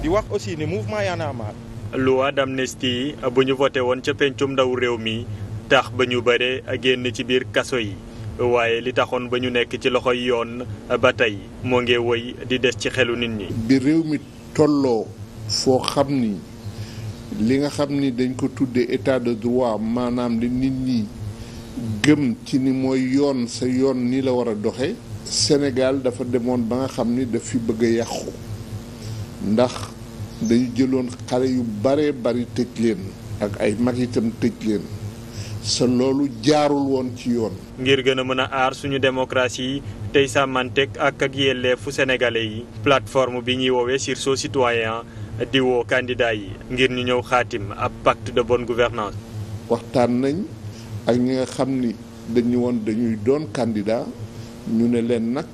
di wax aussi ne mouvement Y'en a marre loi bu ñu voté woon ca pencum ndaw réew mi tax ba ñu bare génn ci biir kaso yi waaye li taxoon ba ñu nekk ci loxo yoon ba tey moo ngi woy di des ci xelu nit ñi. bi réew mi tolloo foo xam ni li nga xam ni dañ ko tuddee état de droit maanaam li nit ñi gëm ci ni mooy yoon sa yoon ni la war a doxe senegal dafa demoon ba nga xam ni daf fi bëgg yàqu. ndax dañu jëloon xale yu baree bari tëj leen ak ay mag itam tëj leen sa loolu jaarul woon ci yoon. ngir gën a mën a aar suñu démocratie tey sàmmanteeg ak ak yelleefu sénégalais yi plateforme bi ñuy woowee sursaut citoyen di woo yi ngir ñu ñëw xaatim ab pacte de bonne gouvernance waxtaan nañ ak ñi nga xam ni dañu woon dañuy doon candidat ñu ne leen nag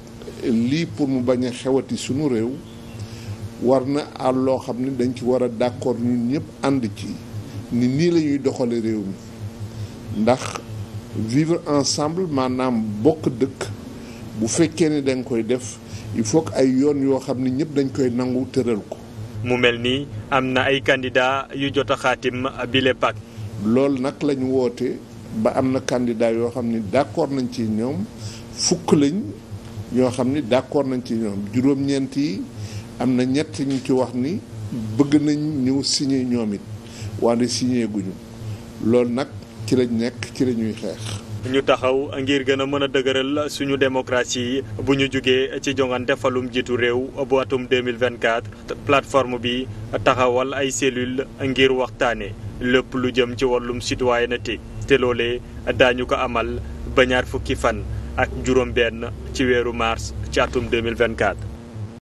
lii pour mu bañ a xewati suñu réew. war na àll loo xam ne dañ ci war a d'accord ñun ñëpp ànd ci ni nii lañuy ñuy doxale réew mi ndax vivre ensemble maanaam bokk dëkk bu fekkee ne dañ koy def il faut que ay yoon yoo xam ne ñëpp dañ koy nangu tëral ko mu mel nii am na ay candidat yu jot a xaatim bile pak loolu nag la ñu woote ba am na candidat yoo xam ni d'accord nañ ci ñoom fukk lañ yoo xam ne d'accord nañ ci ñoom juróom-ñeent yi am na ñett ñu ci wax ni bëgg nañ ñëw signé ñoom it waane signé guñu loolu nag ci lañ nekk ci la xeex. ñu taxaw ngir gën a mën a dëgëral suñu démocratie bu ñu jógee ci jongante falum jiitu réew bu atum 2024 plateforme bi taxawal ay cellule ngir waxtaane lépp lu jëm ci wàllum citoyenneté te loolee daañu ko amal ba ñaar fukki fan ak juróom benn ci weeru mars ci atum 2024